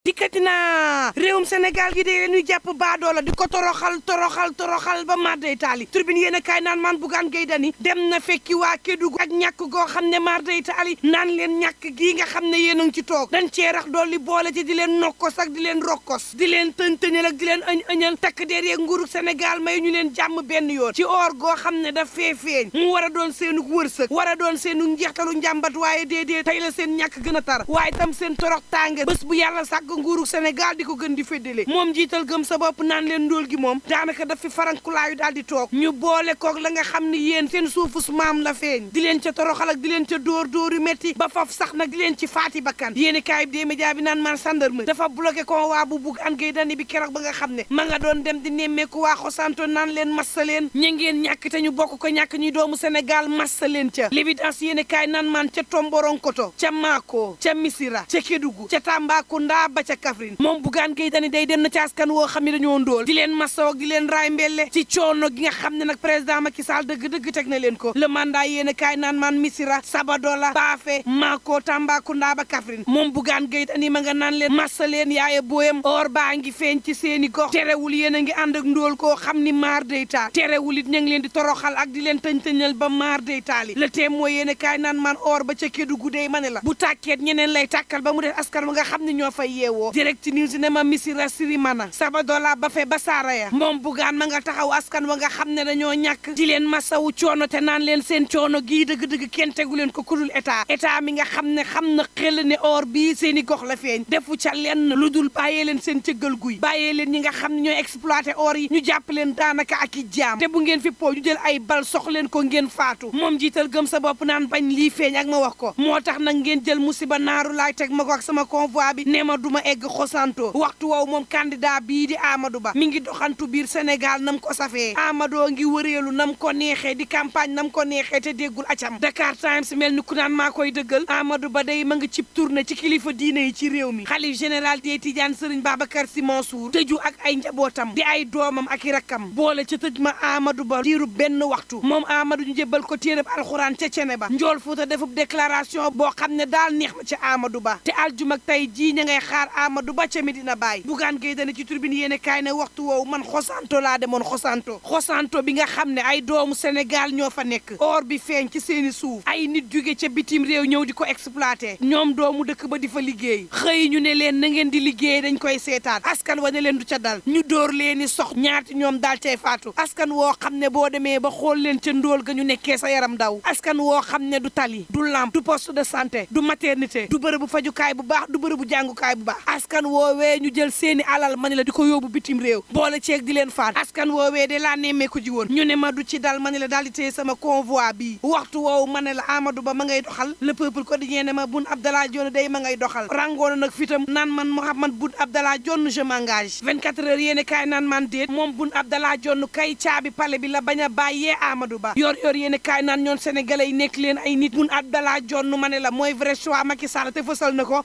dikkati naa réewum Sénégal gi dee ñuy jàpp baadoola di ko toroxal toroxal toroxal ba marday taali turbine yéen a kaay naan maan bugaan gay dani dem na fekki waa Kédougou ak ñàkk goo xam ne marday taali naan leen ñàkk gii nga xam ne yéen a ngi ci toog dañ cee rax dool li boole ci di leen nokkos ak di leen rokkos di leen tëntëñal ak di leen añ añal takk der yeeg nguuru Sénégal may ñu leen jàmm benn yoon ci oor goo xam ne daf fee feeñ mu war doon seenu wërsëg war doon seenu njeextalu njàmbat waaye déedéet tey la seen ñàkk gën a tar waaye tam seen torox tànge bés ko nguuru di ko gën di féddale moom jiital gëm sa bopp naan leen ndóol gi moom daanaka daf fi farankulaayu daal di toog ñu boole xam ni yéen seen suufu maam la feeñ di leen ca toroxal ak di leen ca dóor dóor yu métti ba faf sax nag leen ci faati bakkan yéeni kaay bi dee média bi naan man sandarme dafa bloqué convoi bu bugg an gay dani bi keroog ba nga xam ne ma nga doon dem di nemmeeku waa xosanto naan leen massa leen ña ngeen ñàkk te ñu bokk ko ñàkk ñu doomu Sénégal massa leen ca l'évidence yéeni kaay naan man ca tomboronkoto ca maakoo ca misira ca kédugu ca Tambacounda ba ca Kaffrine moom Bougane Gueye Dany day dem na ci askan woo xam ne dañoo ndóol di leen masaw di leen raay mbelle ci coono gi nga xam ne nag président Macky dëgg-dëgg teg na leen ko le mandat yéen kaay naan maan Missira Sabadola Bafé Mako Tambacounda ba Kaffrine moom Bougane Gueye Dany ma nga naan leen massa leen yaaya booyam or baa ngi feeñ ci seeni gox terewul yéen a ngi ànd ak ndóol koo xam ni maar day taal terewul it ña ngi leen di toroxal ak di leen tëñ-tëñal ba maar day taal le thème mooy yéen kaay naan maan ba ca Kédougou ma la bu tàkkeet ñeneen lay tàkkal ba mu def askan nga xam yeewoo direct news ne ma misira sirimana sabadola ba fe ba saara ya moom bugaan ma nga taxaw askan wa nga xam ne dañoo ñàkk di leen masawu coono te naan leen seen coono gii dëgg-dëgg kenn tegu leen ko kudul état état mi nga xam ne xam na xel ne or bii seen i gox la feeñ defu ca leen lu dul bàyyee leen seen cëggal guy bàyyee leen ñi nga xam ne ñooy exploité or yi ñu jàpp leen daanaka ak i jaam te bu ngeen fi po ñu jël ay bal sox leen ko ngeen faatu moom jiital gëm sa bopp naan bañ lii feeñ ak ma wax ko moo tax nag ngeen jël musiba naaru laay teg ma ak sama convoi ma egg xosanto waxtu woow moom candidat bii di Amadou Ba mi ngi doxantu biir Sénégal nam ko safee Amadou ngi wëreelu nam ko neexee di campagne nam ko neexee te déggul acam Dakar Times mel ni ku naan maa koy dëggal Amadou Ba day ma ngi cib tournée ci kilifa diine yi ci réew mi xalif général des Tidiane Serigne Babacar Sy Mansour tëju ak ay njabootam di ay doomam ak i rakkam boole ca tëj ma Amadou Ba diiru benn waxtu moom Amadou ñu ko téereb alxuraan ca cene ba njool Fuuta defub déclaration boo xam ne daal neex na ca Amadou Ba ca Medina Baye Bougane Gueye Dany ci turbine yéen kaay ne waxtu woowu man xosanto laa demoon xosanto xosanto bi nga xam ne ay doomu Sénégal ñoo fa nekk or bi feeñ ci seeni suuf ay nit jóge ca bitim réew ñëw di ko exploité ñoom doomu dëkk ba di fa liggéey xëy ñu ne leen na ngeen di liggéey dañ koy seetaat askan wa ne leen du ca dal ñu door leen leeni sox ñaati ñoom daal cay faatu askan woo xam ne boo demee ba xool leen ca ndóol ga ñu nekkee sa yaram daw askan woo xam ne du tali du lampe du poste de santé du maternité du fajukaay bu baax du bërëbu jàngukaay bu baax askan woowee ñu jël seeni alal ma ne la di ko yóbbu bitim réew boole ceeg di leen faat askan woowee de laa nemmeeku ji woon ñu ne ma du ci dal ma ne la daal di téye sama convoi bi waxtu woowu ma ne la Amadou Ba ma ngay doxal le ko quotidien ne ma Boun Abdallah Dionne day ma ngay doxal rangoona nag fitam naan man Mouhamed Boun Abdallah Dionne je m'engage 24 heures yéene kaay naan man déet moom Boun Abdallah Dionne kay caabi pale bi la bañ a bàyyee Amadou Ba yor yor yéene kaay naan ñoon sénégalais yi nekk leen ay nit Boun Abdallah Dionne ma ne la mooy vrai choix Macky Sall te fësal na ko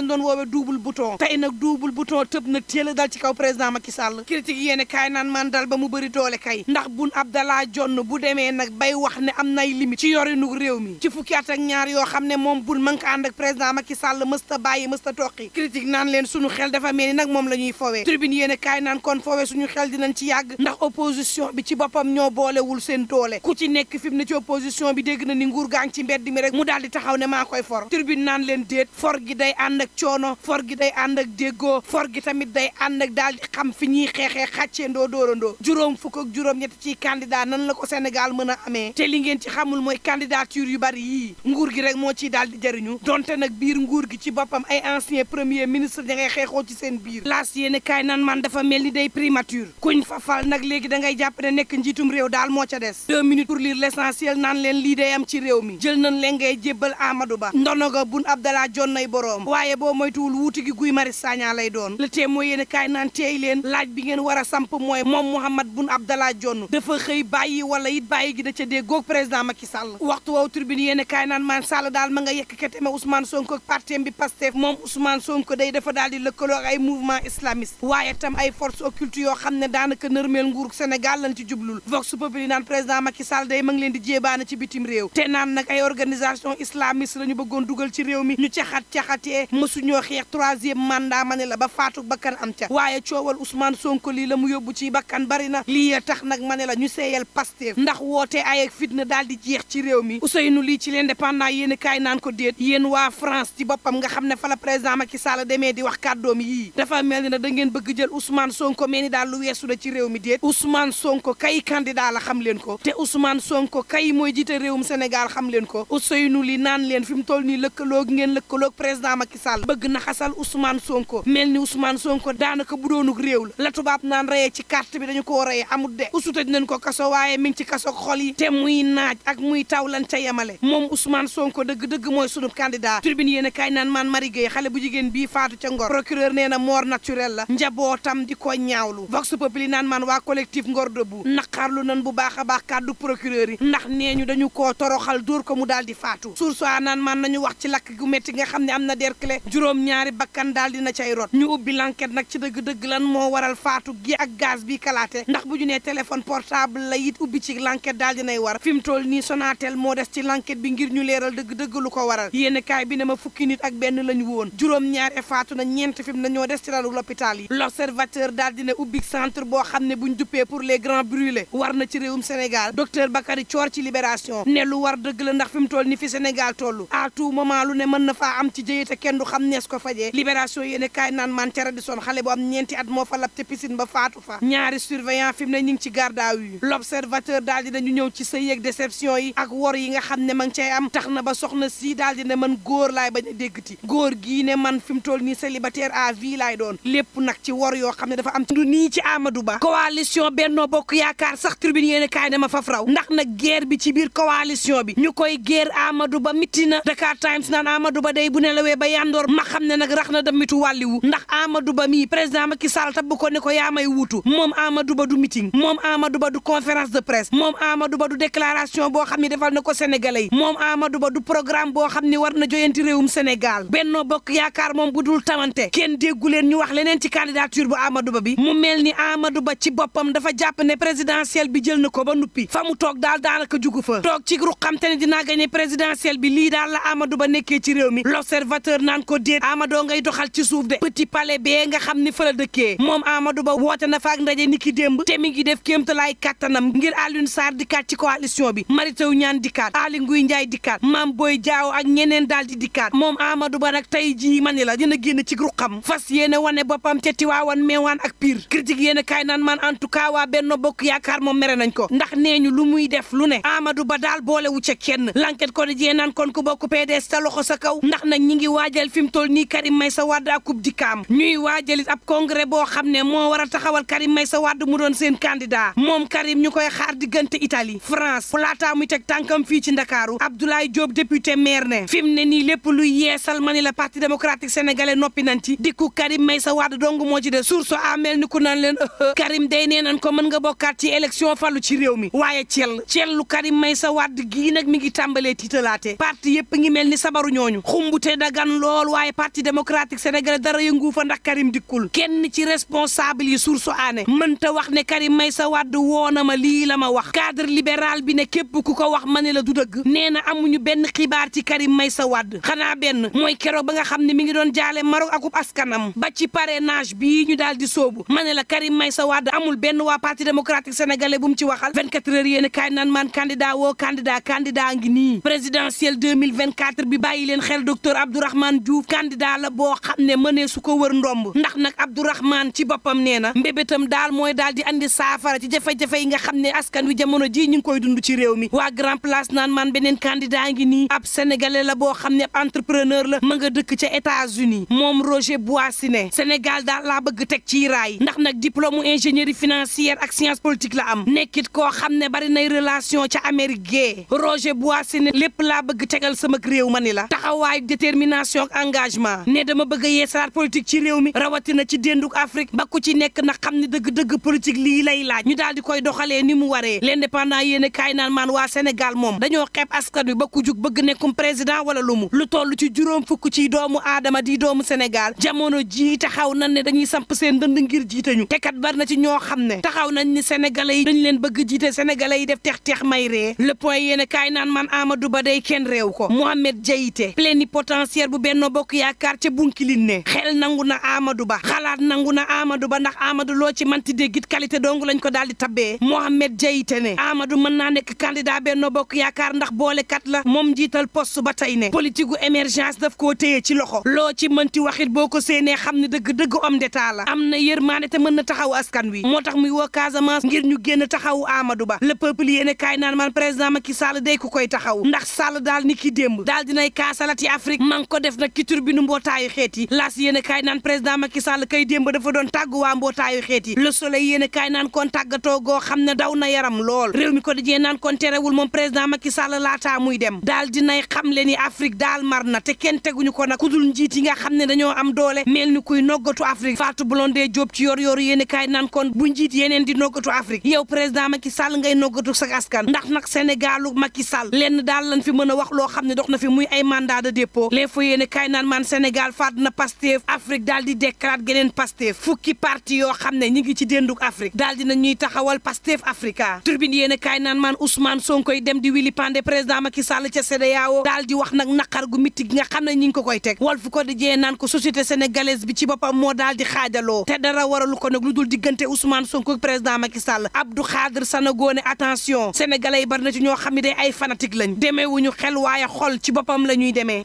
lañ doon woowee double bouton tey nag double bouton tëb nag téel a dal ci kaw président Macky Sall critique yéene kaay naan man dal ba mu bëri doole kay ndax Boun Abdallah Dionne bu demee nag bay wax ne am nay limite ci yorinu réew mi ci fukki at ak ñaar yoo xam ne moom Boun ma ngi ko ànd ak président Macky Sall mësta bàyyi mësta toqi critique naan leen suñu xel dafa mel ni nag moom la ñuy fowee tribune yéene kaay naan kon fowee suñu xel dinañ ci yàgg ndax opposition bi ci boppam ñoo boolewul seen doole ku ci nekk fi mu ne ci opposition bi dégg na ni nguur gaa ngi ci mbedd mi rek mu daal di taxaw ne maa koy for tribune naan leen déet for gi day ànd ànd coono for gi day ànd ak déggoo for gi tamit day ànd ak daal di xam ñuy xeexee xàcceendoo dóorandoo juróom fukk ak juróom ñett ciy nan la ko Sénégal mën a amee te li ngeen ci xamul mooy candidature yu bari yii nguur gi rek moo ciy daal di jëriñu donte nag biir nguur gi ci boppam ay ancien premier ministre da ngay xeexoo ci seen biir laas yéen kaay nan man dafa mel ni day primature kuñ fa fal nag léegi da ngay jàpp ne nekk njiitum réew daal moo ca des deux minutes pour lire l'essentiel naan leen lii day am ci réew mi jël nañ leen ngay jébbal Amadou Ba ndono ga bun Abdallah John nay boroom waaye boo moytuwul wuutu gi Guy Marius lay doon le tee mooy yéen a naan leen laaj bi war a samp mooy moom Mouhamed Boun Abdallah Dionne dafa xëy bàyyi wala it bàyyi gi da ca président Macky Sall waxtu waaw tribune yéen a kaay naan maan daal ma nga yekk keteme Ousmane Sonko ak partem bi Pastef moom Ousmane Sonko day dafa daal di lëkkaloo ak ay mouvement islamiste waaye tam ay force occulte yoo xam ne daanaka nërmeel nguurug Sénégal lañ ci jublul vox populi naan président Macky Sall day ma ngi leen di jéebaana ci bitim réew te naan nag ay organisation islamiste la ñu bëggoon dugal ci réew mi ñu caxat caxatee mësuñoo xeex troisième mandat ma ne la ba faatu bakkan am ca waaye coowal Ousmane Sonko lii la mu yóbbu ci bakkan bari na lii tax nag ma ne la ñu seeyal Pastef ndax woote ay ak fitna daal di jeex ci réew mi Ousseynou lii ci l'Indépendant yéen kaay naan ko déet yéen waa France ci boppam nga xam ne fa la président Macky Sall demee di wax kàddoom yii dafa mel ni da ngeen bëgg jël Ousmane Sonko mel ni daal lu weesu la ci réew mi déet Ousmane Sonko kay candidat la xam leen ko te Ousmane Sonko kay mooy jiite réewum Sénégal xam leen ko Ousseynou lii naan leen fi mu toll nii lëkkaloog ngeen lëkkaloog président Macky Sall Sall bëgg na xasal Ousmane Sonko mel ni Ousmane Sonko daanaka bu doonuk réew la la tubaab naan reyee ci carte bi dañu koo reyee amut de usutëj nañ ko kaso waaye mi ngi ci kaso xol yi te muy naaj ak muy taw lan ca yemale moom Ousmane Sonko dëgg-dëgg mooy sunub candidat tribune yéen a kaay naan maan Marie Gueye xale bu jigéen bii faatu ca ngor procureur nee na mort la njabootam di ko ñaawlu vox populi naan a yi ndax nee ñu dañu koo toroxal dóor ko mu daal di faatu source a naan maan nañu wax ne juróom-ñaari bakkan daal dina cay rot ñu ubbi l'enquête nag ci dëgg-dëgg lan moo waral faatu gi ak gaz bi kalaate ndax bu ñu nee téléphone portable la it ubbi ci l'enquête daal nay war fi mu toll nii Sonatel moo des ci l'enquête bi ngir ñu leeral dëgg-dëgg lu ko waral yéen kaay bi ne ma fukki nit ak benn lañu woon juróom-ñaar e faatu na ñeent fi mu ñoo des ci lalu l'hôpital yi l'observateur daal dina ubbi centre boo xam ne buñ duppee pour le grands brûlés war na ci réewum Sénégal docteur Bakary Thior ci libération ne lu war dëgg la ndax fi mu toll ni fi Sénégal toll à tout lu ne mën na faa am ci jëye te xam nees ko fajee libération yéen kaay naan man ca Radisson xale bu am ñeenti at moo fa lab te piscine ba faatu fa ñaari surveillant fi mu ne ñu ci garde l'observateur daal di nañu ñëw ci sëy yeeg déception yi ak wor yi nga xam ne ma ngi cay am tax na ba soxna si daal di ne man góor laay bañ a déggati góor gii ne man fi mu toll nii célibataire à vie laay doon lépp nag ci wor yoo xam ne dafa am du nii ci Amadou Ba coalition Benno Bokk Yaakaar sax tribune yéen kaay ne ma faf raw ndax nag guerre bi ci biir coalition bi ñu koy guerre Amadou Ba mitti na Dakar Times naan Amadou Ba day bu nelawee ba yàndoo Senghor ma xam ne nag rax na damitu wàlliwu ndax Amadou Ba mii président ki Sall tab ko ne ko yaa may wuutu moom Amadou Ba du meeting moom Amadou Ba du conférence de presse moom Amadou Ba du boo xam ne defal na ko Sénégalais yi moom Amadou Ba du programme boo xam ne war na joyanti réewum Sénégal Benno Bokk Yaakaar moom bu dul tamante kenn déggu leen ñu wax leneen ci candidature bu Amadou Ba bi mu mel ni Amadou Ba ci boppam dafa jàpp ne présidentielle bi jël na ko ba nuppi fa mu toog daal daanaka jugu fa toog ci ruqam te ne dinaa gagné présidentielle bi lii daal la Amadou Ba nekkee ci réew mi l'observateur naan ko déet Amadou ngay doxal ci suuf de petit palais bee nga xam ni fa la dëkkee moom Amadou Ba woote na fa ak ndaje ni ki démb te mi ngi def kéemtalaay kattanam ngir Alioune Sarr dikkaat ci coalition bi Mary Teuw Niane dikkaat Aly Ngouille Ndiaye dikkaat Mame Boye Diao ak ñeneen daal di dikkaat moom Amadou Ba nag tey jii ma ni la dina génn ci ruqam fas yéene wane boppam ca Tiwaawan meewaan ak Pire critique yéene kaay naan man en tout cas waa Benno Bokk Yaakaar moom mere nañ ko ndax nee ñu lu muy def lu ne Amadou Ba daal boolewu ca kenn l'enquête ko di kon bokk PDS ta loxo sa kaw fi mu toll nii Karim Meïssa Wade akub ñuy waajalit ab congrès boo xam ne moo war a taxawal may sa Wade mu doon seen candidat moom Karim ñu koy xaar diggante Italie France laataa muy teg tànkam fii ci Ndakaaru Abdoulaye Diop député maire ne fi mu ne nii lépp luy yeesal ma ni la parti démocratique sénégalais noppi nañ ci dikku Karim Meïssa Wade dong moo ci de source amel ni ku naan leen Karim day nee nan ko mën nga bokkaat ci élection fallu ci réew mi waaye cell cellu Karim Meïssa Wade gii nag mi ngi tàmbalee tiitalaate parti yëpp ngi mel ni sabaru ñooñu xumbute dagan lool waaye parti démocratique sénégalais dara yëngu fa ndax Karim dikkul kenn ci responsable yi source aané mënta wax ne Karim Meïssa Wade woona ma lii la ma wax cadre libéral bi ne képp ku ko wax ma ne la du dëgg nee na amuñu benn xibaar ci Karim Meïssa Wade xanaa benn mooy keroog ba nga xam ne mu ngi doon jaale Maroc akub askanam ba ci parrainage bii ñu daal di soobu ma ne la Karim Meïssa Wade amul benn waa parti démocratique sénégalais bu mu ci waxal 24 heures yéen kaay naan maan candidat woo candidat candidat ngi nii présidentielle 2024 bi bàyyi leen xel docteur Abdourahmane Diouf candidat la boo xam ne mënee su ko wër ndomb ndax nag Abdourahmane ci boppam nee na mbébétam daal mooy daal di indi saafara ci jafe-jafe yi nga xam ne askan wi jamono ji ñu ngi koy dund ci réew mi waa grand place naan man beneen candidat ngi nii ab sénégalais la boo xam ne ab entrepreneur la ma nga dëkk ci États-Unis moom Roger Boisiné Sénégal daal laa bëgg teg ci raay ndax nag diplôme ingénierie financière ak science politique la am nekkit koo xam ne bari nay relation ca Amérique Roger Boisiné lépp laa bëgg tegal sama réew ma ni engagement ne dama bëgg a yeesalaat politique ci réew mi rawatina ci dénduk Afrique ba ku ci nekk na xam ne dëgg-dëgg politique lii lay laaj ñu daal di koy doxalee ni mu waree l'indépendant yéen a kaay naan maan waa Sénégal moom dañoo xeeb askan wi ba ku bëgg nekkum président wala lu mu lu toll ci juróom fukk ci doomu aadama di doomu Sénégal jamono jii taxaw nan ne dañuy samp seen dënd ngir jiite ñu te kat bari na ci ñoo xam ne taxaw nañ ni sénégalais yi dañ leen bëgg jiite sénégalais yi def tex tex may ree le point kaay naan man Amadou Ba day kenn réew ko Mohamed Diaité plénipotentiaire bu benn Benno Bokk Yaakaar ca Bunkiling ne xel nangu na Amadou Ba xalaat nangu na Amadou Ba ndax amadu loo ci manti déggit qualité dong lañ ko daal di tabbee Mohamed Diayte ne Amadou mën naa nekk candidat Benno Bokk Yaakaar ndax boolekat la moom njiital post ba tey ne politique gu émergence def koo téye ci loxo loo ci mënti waxit boo ko séenee xam ne dëgg-dëgg homme d'état la am na yërmaane te mën na taxaw askan wi moo tax muy woo Casamance ngir ñu génn taxawu Amadou Ba le peuple yéene kaay naan man président Macky Sall day ku koy taxaw ndax Sall daal ni ki démb daal dinay kaasalati Afrique man ko def na ci tribune mbootaayu xeet yi laas yéen kaay naan président Macky Sall kay démb dafa doon tàggu waa mbootaayu xeet yi le soleil yéen kaay naan kon tàggatoo xam ne daw na yaram lool réew mi ko dajee naan kon terewul moom président Macky Sall muy dem daal dinay xam le ni Afrique daal mar na te kenn teguñu ko nag kudul njiit yi nga xam ne dañoo am doole mel ni kuy noggatu Afrique Fatou Blondin Diop ci yor yoru yéen kaay naan kon bu njiit yeneen di noggatu Afrique yow président Macky Sall ngay noggatu sa askan ndax nag Sénégalu Macky Sall lenn daal lañ fi mën a wax loo xam ne dox na fi muy ay mandat de dépôt naan man Sénégal faat na Pastef Afrique daal di dekkalaat geneen Pastef fukki parti yoo xam ne ñi ngi ci dénduk Afrique daal di na ñuy taxawal Pastef Africa turbine yéen a kaay naan man Ousmane Sonkoy dem di wili pandé président Macky Sall ca CEDEAO daal di wax nag naqar gu mitti nga xam ne ñi ngi ko koy teg Walf Quotidien naan ko société sénégalaise bi ci boppam moo daal di xaajaloo te dara waralu ko nag lu dul diggante Ousmane Sonko président Macky Sall Abdou Khadre Sanogo ne attention sénégalais yi na ci ñoo xam ne day ay fanatique lañ demeewuñu xel waaye ci boppam la ñuy demee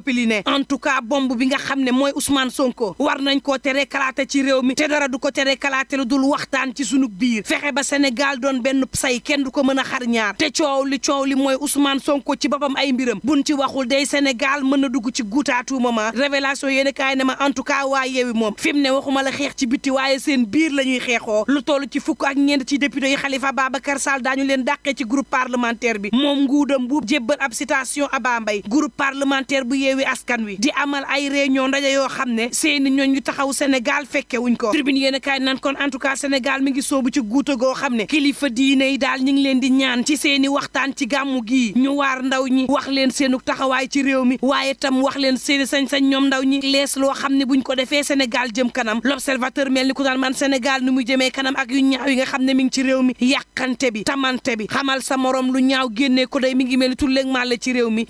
Populi en tout cas bomb bi nga xam ne mooy Ousmane Sonko war nañ koo tere kalaate ci réew mi te dara du ko tere kalaate lu dul waxtaan ci sunu biir fexe ba Sénégal doon benn say kenn du ko mën a xar ñaar te coow li coow li mooy Ousmane Sonko ci boppam ay mbiram bun ci waxul day Sénégal mën na dugg ci guutaatu moment révélation yéen kaay ne ma en tout cas waa yeewi moom fi mu ne waxuma la xeex ci biti waaye seen biir la ñuy xeexoo lu toll ci fukk ak ñeent ci député yi Khalifa Babacar Sall daañu leen dàqee ci groupe parlementaire bi moom nguudam bu jébbal ab citation Abba Mbaye groupe parlementaire bu yeewi askan wi di amal ay réunion ndaje yoo xam ne seeni ñooñ ñu taxaw Sénégal fekke wuñ ko tribune yéen a kaay nan kon en tout cas Sénégal mi ngi soobu ci guuta goo xam ne kilifa diine yi daal ñu ngi leen di ñaan ci seeni waxtaan ci gàmmu gii ñu waar ndaw ñi wax leen seenu taxawaay ci réew mi waaye tam wax leen seeni sañ-sañ ñoom ndaw ñi lees loo xam ne buñ ko defee Sénégal jëm kanam l'observateur mel ni ku daal man Sénégal ni muy jëmee kanam ak yu ñaaw yi nga xam ne mi ngi ci réew mi yàqante bi tamante bi xamal sa morom lu ñaaw génnee ko day mi ngi mel ni tulleeg màlle ci réew mi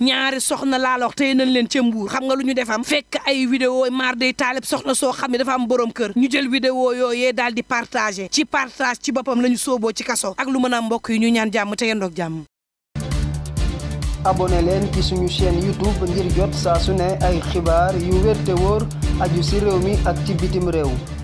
leen ca mbuur xam nga lu ñu defam fekk ay vidéo maar day taalib soxna soo xam ne dafa am boroom kër ñu jël vidéo yooyee daal di partagé ci partage ci boppam lañu sooboo ci kaso ak lu mën a mbokk yi ñu ñaan jàmm te yendoog jàmm abonné leen ci suñu chaîne youtube ngir jot saa su ne ay xibaar yu wér te wóor aju si réew mi ak ci bitim réew